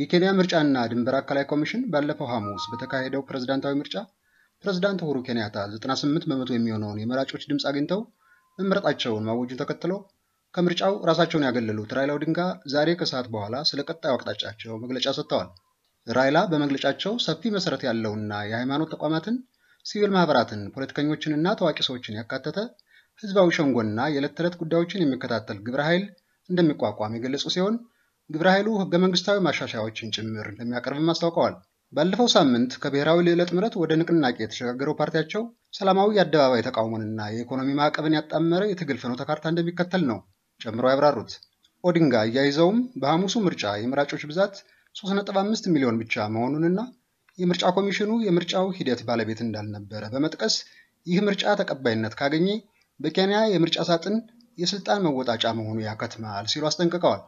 የኬንያ ምርጫና ድንበር አካላዊ ኮሚሽን ባለፈው ሐሙስ በተካሄደው ፕሬዝዳንታዊ ምርጫ ፕሬዝዳንት ኡሁሩ ኬንያታ 98 በመቶ የሚሆነውን የመራጮች ድምፅ አግኝተው መምረጣቸውን ማወጁን ተከትሎ ከምርጫው ራሳቸውን ያገለሉት ራይላ ኦዲንጋ ዛሬ ከሰዓት በኋላ ስለ ቀጣዩ አቅጣጫቸው መግለጫ ሰጥተዋል። ራይላ በመግለጫቸው ሰፊ መሰረት ያለውና የሃይማኖት ተቋማትን፣ ሲቪል ማህበራትን፣ ፖለቲከኞችንና ታዋቂ ሰዎችን ያካተተ ህዝባዊ ሸንጎና የዕለት ተዕለት ጉዳዮችን የሚከታተል ግብረ ኃይል እንደሚቋቋም የገለጹ ሲሆን ግብረ ኃይሉ ህገ መንግስታዊ ማሻሻያዎችን ጭምር እንደሚያቀርብም አስታውቀዋል። ባለፈው ሳምንት ከብሔራዊ ልዕለ ጥምረት ወደ ንቅናቄ የተሸጋገረው ፓርቲያቸው ሰላማዊ የአደባባይ ተቃውሞንና የኢኮኖሚ ማዕቀብን ያጣመረ የትግል ፍኖተ ካርታ እንደሚከተል ነው ጨምሮ ያብራሩት። ኦዲንጋ አያይዘውም በሐሙሱ ምርጫ የምራጮች ብዛት 3.5 ሚሊዮን ብቻ መሆኑንና የምርጫ ኮሚሽኑ የምርጫው ሂደት ባለቤት እንዳልነበረ በመጥቀስ ይህ ምርጫ ተቀባይነት ካገኘ በኬንያ የምርጫ ሳጥን የስልጣን መወጣጫ መሆኑ ያከትማል ሲሉ አስጠንቅቀዋል።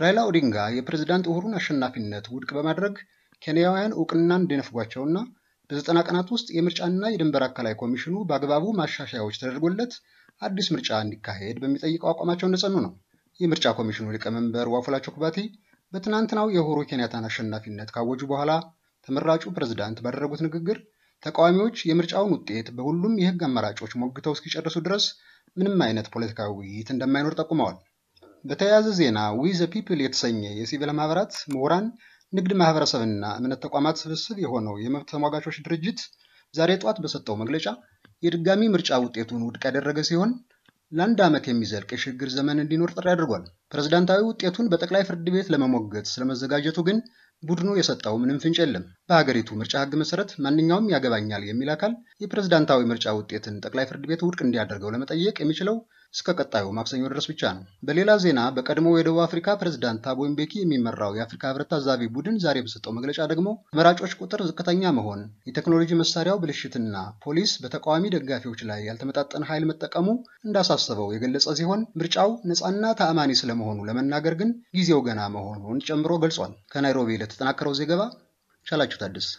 ራይላ ኦዲንጋ የፕሬዝዳንት ኡሁሩን አሸናፊነት ውድቅ በማድረግ ኬንያውያን እውቅና እንዲነፍጓቸውና በዘጠና ቀናት ውስጥ የምርጫና የድንበር አካላይ ኮሚሽኑ በአግባቡ ማሻሻያዎች ተደርጎለት አዲስ ምርጫ እንዲካሄድ በሚጠይቀው አቋማቸው እንደጸኑ ነው። የምርጫ ኮሚሽኑ ሊቀመንበር ዋፉላቸው ኩባቲ በትናንትናው የኡሁሩ ኬንያታን አሸናፊነት ካወጁ በኋላ ተመራጩ ፕሬዝዳንት ባደረጉት ንግግር ተቃዋሚዎች የምርጫውን ውጤት በሁሉም የህግ አማራጮች ሞግተው እስኪጨርሱ ድረስ ምንም አይነት ፖለቲካዊ ውይይት እንደማይኖር ጠቁመዋል። በተያያዘ ዜና ዊ ዘ ፒፕል የተሰኘ የሲቪል ማህበራት ምሁራን፣ ንግድ ማህበረሰብና እምነት ተቋማት ስብስብ የሆነው የመብት ተሟጋቾች ድርጅት ዛሬ ጠዋት በሰጠው መግለጫ የድጋሚ ምርጫ ውጤቱን ውድቅ ያደረገ ሲሆን ለአንድ ዓመት የሚዘልቅ የሽግግር ዘመን እንዲኖር ጥሪ አድርጓል። ፕሬዝዳንታዊ ውጤቱን በጠቅላይ ፍርድ ቤት ለመሞገት ስለመዘጋጀቱ ግን ቡድኑ የሰጠው ምንም ፍንጭ የለም። በሀገሪቱ ምርጫ ሕግ መሰረት ማንኛውም ያገባኛል የሚል አካል የፕሬዝዳንታዊ ምርጫ ውጤትን ጠቅላይ ፍርድ ቤት ውድቅ እንዲያደርገው ለመጠየቅ የሚችለው እስከ ቀጣዩ ማክሰኞ ድረስ ብቻ ነው። በሌላ ዜና በቀድሞ የደቡብ አፍሪካ ፕሬዝዳንት ታቦ ምቤኪ የሚመራው የአፍሪካ ህብረት ታዛቢ ቡድን ዛሬ በሰጠው መግለጫ ደግሞ መራጮች ቁጥር ዝቅተኛ መሆን፣ የቴክኖሎጂ መሳሪያው ብልሽትና ፖሊስ በተቃዋሚ ደጋፊዎች ላይ ያልተመጣጠን ኃይል መጠቀሙ እንዳሳሰበው የገለጸ ሲሆን ምርጫው ነፃና ተአማኒ ስለመሆኑ ለመናገር ግን ጊዜው ገና መሆኑን ጨምሮ ገልጿል። ከናይሮቢ ለተጠናከረው ዘገባ ቻላችሁ ታደሰ